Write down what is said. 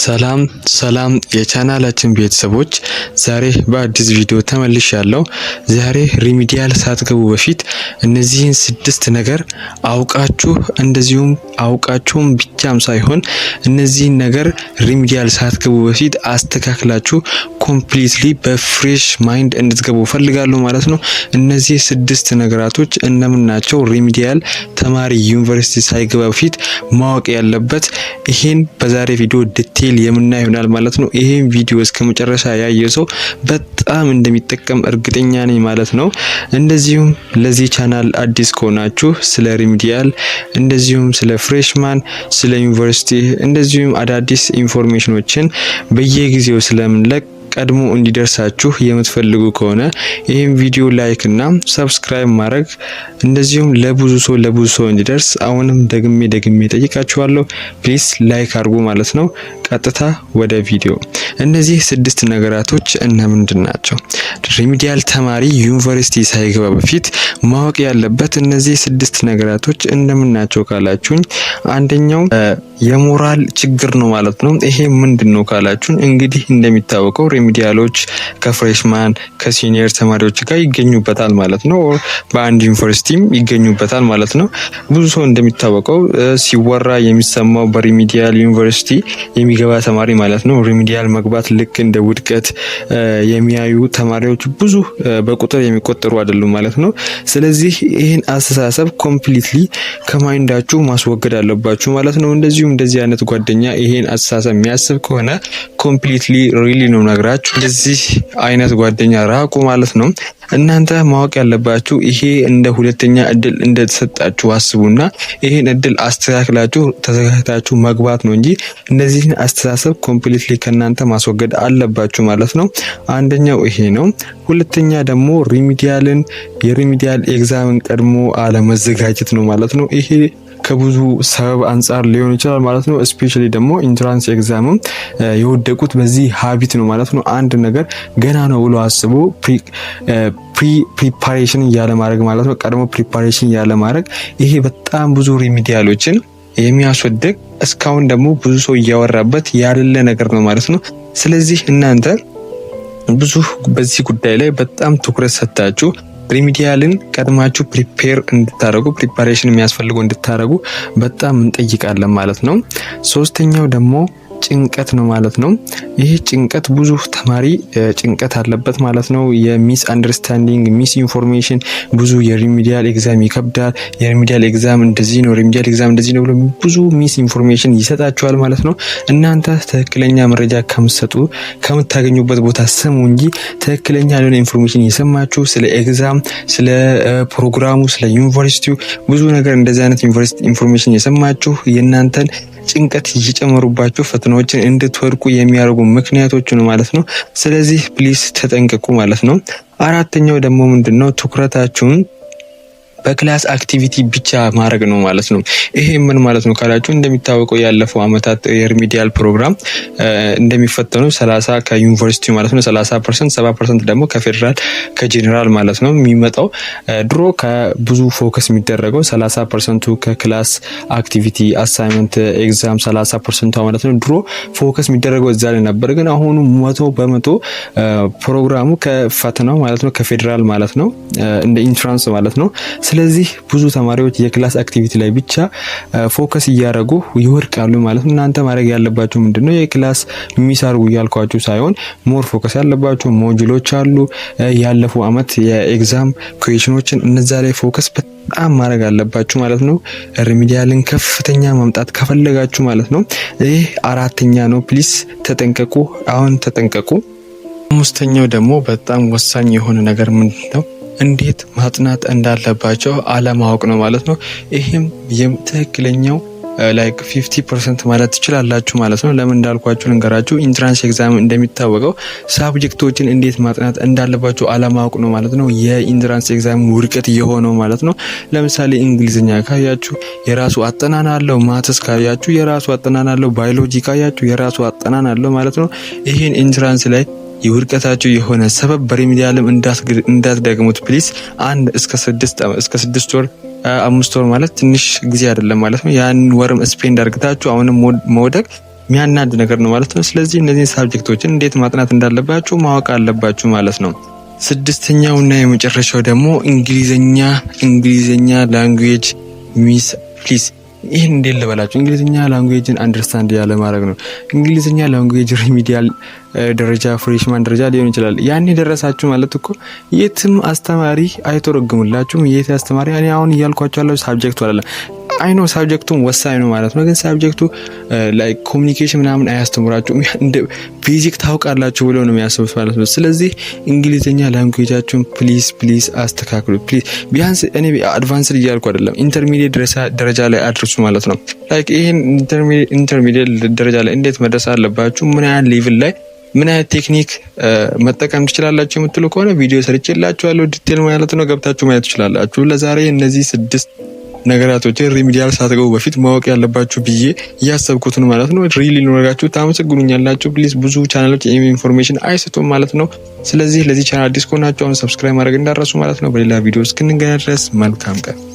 ሰላም ሰላም የቻናላችን ቤተሰቦች ዛሬ በአዲስ ቪዲዮ ተመልሻለሁ። ዛሬ ሪሚዲያል ሳትገቡ በፊት እነዚህን ስድስት ነገር አውቃችሁ እንደዚሁም አውቃችሁም ብቻም ሳይሆን እነዚህን ነገር ሪሚዲያል ሳትገቡ በፊት አስተካክላችሁ ኮምፕሊትሊ በፍሬሽ ማይንድ እንድትገቡ ፈልጋለሁ ማለት ነው። እነዚህ ስድስት ነገራቶች እንደምናቸው ሪሚዲያል ተማሪ ዩኒቨርሲቲ ሳይገባ በፊት ማወቅ ያለበት ይሄን በዛሬ ቪዲዮ ዲቴይል የምና ይሆናል ማለት ነው። ይሄን ቪዲዮ እስከ መጨረሻ ያየ ሰው በጣም እንደሚጠቀም እርግጠኛ ነኝ ማለት ነው። እንደዚሁም ለዚህ ቻናል አዲስ ከሆናችሁ ስለ ሪሚዲያል እንደዚሁም ስለ ፍሬሽማን፣ ስለ ዩኒቨርሲቲ እንደዚሁም አዳዲስ ኢንፎርሜሽኖችን በየጊዜው ስለምንለቅ ቀድሞ እንዲደርሳችሁ የምትፈልጉ ከሆነ ይህም ቪዲዮ ላይክ እና ሰብስክራይብ ማድረግ እንደዚሁም ለብዙ ሰው ለብዙ ሰው እንዲደርስ አሁንም ደግሜ ደግሜ ጠይቃችኋለሁ። ፕሊስ ላይክ አድርጉ ማለት ነው። ቀጥታ ወደ ቪዲዮ እነዚህ ስድስት ነገራቶች እና ምንድን ናቸው? ሪሚዲያል ተማሪ ዩኒቨርሲቲ ሳይገባ በፊት ማወቅ ያለበት እነዚህ ስድስት ነገራቶች ናቸው ካላችሁኝ አንደኛው የሞራል ችግር ነው ማለት ነው። ይሄ ምንድን ነው ካላችሁን እንግዲህ እንደሚታወቀው ሪሚዲያሎች ከፍሬሽማን ከሲኒየር ተማሪዎች ጋር ይገኙበታል ማለት ነው። በአንድ ዩኒቨርሲቲም ይገኙበታል ማለት ነው። ብዙ ሰው እንደሚታወቀው ሲወራ የሚሰማው በሪሚዲያል ዩኒቨርሲቲ የሚገባ ተማሪ ማለት ነው። ሪሚዲያል መግባት ልክ እንደ ውድቀት የሚያዩ ተማሪዎች ብዙ በቁጥር የሚቆጠሩ አይደሉም ማለት ነው። ስለዚህ ይህን አስተሳሰብ ኮምፕሊትሊ ከማይንዳችሁ ማስወገድ አለባችሁ ማለት ነው። እንደዚሁም እንደዚህ አይነት ጓደኛ ይሄን አስተሳሰብ የሚያስብ ከሆነ ኮምፕሊትሊ ሪሊ ነው ነግራችሁ፣ እንደዚህ አይነት ጓደኛ ራቁ ማለት ነው። እናንተ ማወቅ ያለባችሁ ይሄ እንደ ሁለተኛ እድል እንደተሰጣችሁ አስቡና ይሄን እድል አስተካክላችሁ ተዘጋጅታችሁ መግባት ነው እንጂ እነዚህን አስተሳሰብ ኮምፕሊትሊ ከእናንተ ማስወገድ አለባችሁ ማለት ነው። አንደኛው ይሄ ነው። ሁለተኛ ደግሞ ሪሚዲያልን የሪሚዲያል ኤግዛምን ቀድሞ አለመዘጋጀት ነው ማለት ነው። ይሄ ከብዙ ሰበብ አንጻር ሊሆን ይችላል ማለት ነው። ስፔሻሊ ደግሞ ኢንትራንስ ኤግዛምም የወደቁት በዚህ ሀቢት ነው ማለት ነው። አንድ ነገር ገና ነው ብሎ አስቦ ፕሪፓሬሽን እያለ ማድረግ ማለት ነው። ቀድሞ ፕሪፓሬሽን እያለ ማድረግ ይሄ በጣም ብዙ ሪሚዲያሎችን የሚያስወድቅ እስካሁን ደግሞ ብዙ ሰው እያወራበት ያለ ነገር ነው ማለት ነው። ስለዚህ እናንተ ብዙ በዚህ ጉዳይ ላይ በጣም ትኩረት ሰጥታችሁ ሪሚዲያልን ቀድማችሁ ፕሪፔር እንድታደረጉ ፕሪፓሬሽን የሚያስፈልጉ እንድታደረጉ በጣም እንጠይቃለን ማለት ነው። ሶስተኛው ደግሞ ጭንቀት ነው ማለት ነው። ይህ ጭንቀት ብዙ ተማሪ ጭንቀት አለበት ማለት ነው። የሚስ አንደርስታንዲንግ ሚስ ኢንፎርሜሽን ብዙ የሪሚዲያል ኤግዛም ይከብዳል፣ የሪሚዲያል ኤግዛም እንደዚህ ነው፣ ሪሚዲያል ኤግዛም እንደዚህ ነው ብሎ ብዙ ሚስ ኢንፎርሜሽን ይሰጣቸዋል ማለት ነው። እናንተ ትክክለኛ መረጃ ከምሰጡ ከምታገኙበት ቦታ ስሙ እንጂ ትክክለኛ ያልሆነ ኢንፎርሜሽን የሰማችሁ ስለ ኤግዛም፣ ስለ ፕሮግራሙ፣ ስለ ዩኒቨርሲቲው ብዙ ነገር እንደዚህ አይነት ኢንፎርሜሽን የሰማችሁ የእናንተን ጭንቀት እየጨመሩባቸው ፈተናዎችን እንድትወድቁ የሚያደርጉ ምክንያቶች ነው ማለት ነው። ስለዚህ ፕሊስ ተጠንቀቁ ማለት ነው። አራተኛው ደግሞ ምንድን ነው ትኩረታችሁን በክላስ አክቲቪቲ ብቻ ማድረግ ነው ማለት ነው። ይሄ ምን ማለት ነው ካላችሁ እንደሚታወቀው ያለፈው አመታት የሪሚዲያል ፕሮግራም እንደሚፈተኑ ሰላሳ ከዩኒቨርሲቲ ማለት ነው ሰላሳ ፐርሰንት ሰባ ፐርሰንት ደግሞ ከፌዴራል ከጄኔራል ማለት ነው የሚመጣው። ድሮ ከብዙ ፎከስ የሚደረገው ሰላሳ ፐርሰንቱ ከክላስ አክቲቪቲ አሳይመንት፣ ኤግዛም ሰላሳ ፐርሰንቱ ማለት ነው ድሮ ፎከስ የሚደረገው እዛ ላይ ነበር። ግን አሁኑ መቶ በመቶ ፕሮግራሙ ከፈተናው ማለት ነው ከፌዴራል ማለት ነው እንደ ኢንትራንስ ማለት ነው ስለዚህ ብዙ ተማሪዎች የክላስ አክቲቪቲ ላይ ብቻ ፎከስ እያደረጉ ይወድቃሉ ማለት ነው። እናንተ ማድረግ ያለባቸው ምንድነው የክላስ ሚስ አድርጉ እያልኳችሁ ሳይሆን ሞር ፎከስ ያለባቸው ሞጁሎች አሉ፣ ያለፉ አመት የኤግዛም ኩዌሽኖችን እነዛ ላይ ፎከስ በጣም ማድረግ አለባችሁ ማለት ነው። ሪሚዲያልን ከፍተኛ ማምጣት ከፈለጋችሁ ማለት ነው። ይህ አራተኛ ነው። ፕሊስ ተጠንቀቁ፣ አሁን ተጠንቀቁ። አምስተኛው ደግሞ በጣም ወሳኝ የሆነ ነገር ምንድን ነው? እንዴት ማጥናት እንዳለባቸው አለማወቅ ነው ማለት ነው። ይህም ትክክለኛው ላይክ ፊፍቲ ፐርሰንት ማለት ትችላላችሁ ማለት ነው። ለምን እንዳልኳችሁ ልንገራችሁ። ኢንትራንስ ኤግዛም እንደሚታወቀው ሳብጀክቶችን እንዴት ማጥናት እንዳለባችሁ አለማወቅ ነው ማለት ነው የኢንትራንስ ኤግዛም ውድቀት የሆነው ማለት ነው። ለምሳሌ እንግሊዝኛ ካያችሁ የራሱ አጠናን አለው፣ ማትስ ካያችሁ የራሱ አጠናን አለው፣ ባዮሎጂ ካያችሁ የራሱ አጠናን አለው ማለት ነው። ይህን ኢንትራንስ ላይ የውድቀታቸው የሆነ ሰበብ በሪሚዲያልም ዓለም እንዳትደግሙት ፕሊስ። አንድ እስከ ስድስት ወር አምስት ወር ማለት ትንሽ ጊዜ አይደለም ማለት ነው። ያን ወርም ስፔንድ አድርግታችሁ አሁንም መውደቅ የሚያናድ ነገር ነው ማለት ነው። ስለዚህ እነዚህን ሳብጀክቶችን እንዴት ማጥናት እንዳለባችሁ ማወቅ አለባችሁ ማለት ነው። ስድስተኛው እና የመጨረሻው ደግሞ እንግሊዝኛ እንግሊዝኛ ላንጉዌጅ ሚስ ፕሊስ ይህን እንዴት ልበላችሁ እንግሊዝኛ ላንጉዌጅን አንደርስታንድ ያለ ማድረግ ነው። እንግሊዝኛ ላንጉዌጅ ሪሚዲያል ደረጃ ፍሬሽማን ደረጃ ሊሆን ይችላል። ያኔ ደረሳችሁ ማለት እኮ የትም አስተማሪ አይተረግምላችሁም። የት አስተማሪ እኔ አሁን እያልኳቸው ያለው ሳብጀክቱ አላለም። አይ ነው ሳብጀክቱም ወሳኝ ነው ማለት ነው። ግን ሳብጀክቱ ላይ ኮሚኒኬሽን ምናምን አያስተምራችሁም። እንደ ቤዚክ ታውቃላችሁ ብለው ነው የሚያስቡት ማለት ነው። ስለዚህ እንግሊዝኛ ላንጉጃችሁን ፕሊዝ ፕሊዝ አስተካክሉ። ፕሊዝ ቢያንስ እኔ አድቫንስድ እያልኩ አይደለም፣ ኢንተርሚዲየት ደረጃ ላይ አድርሱ ማለት ነው። ላይክ ይህን ኢንተርሚዲየት ደረጃ ላይ እንዴት መድረስ አለባችሁ? ምን ያህል ሌቭል ላይ ምን አይነት ቴክኒክ መጠቀም ትችላላችሁ የምትሉ ከሆነ ቪዲዮ ሰርቼላችኋለሁ። ዲቴል ማለት ነው ገብታችሁ ማየት ትችላላችሁ። ለዛሬ እነዚህ ስድስት ነገራቶችን ሪሚዲያል ሳትገቡ በፊት ማወቅ ያለባችሁ ብዬ እያሰብኩትን ማለት ነው። ሪሊ ሊኖረጋችሁ ታመሰግኑኛላችሁ። ፕሊዝ ብዙ ቻናሎች ይህም ኢንፎርሜሽን አይሰጡም ማለት ነው። ስለዚህ ለዚህ ቻናል አዲስ ከሆናችሁ አሁን ሰብስክራይብ ማድረግ እንዳረሱ ማለት ነው። በሌላ ቪዲዮ እስክንገና ድረስ መልካም ቀን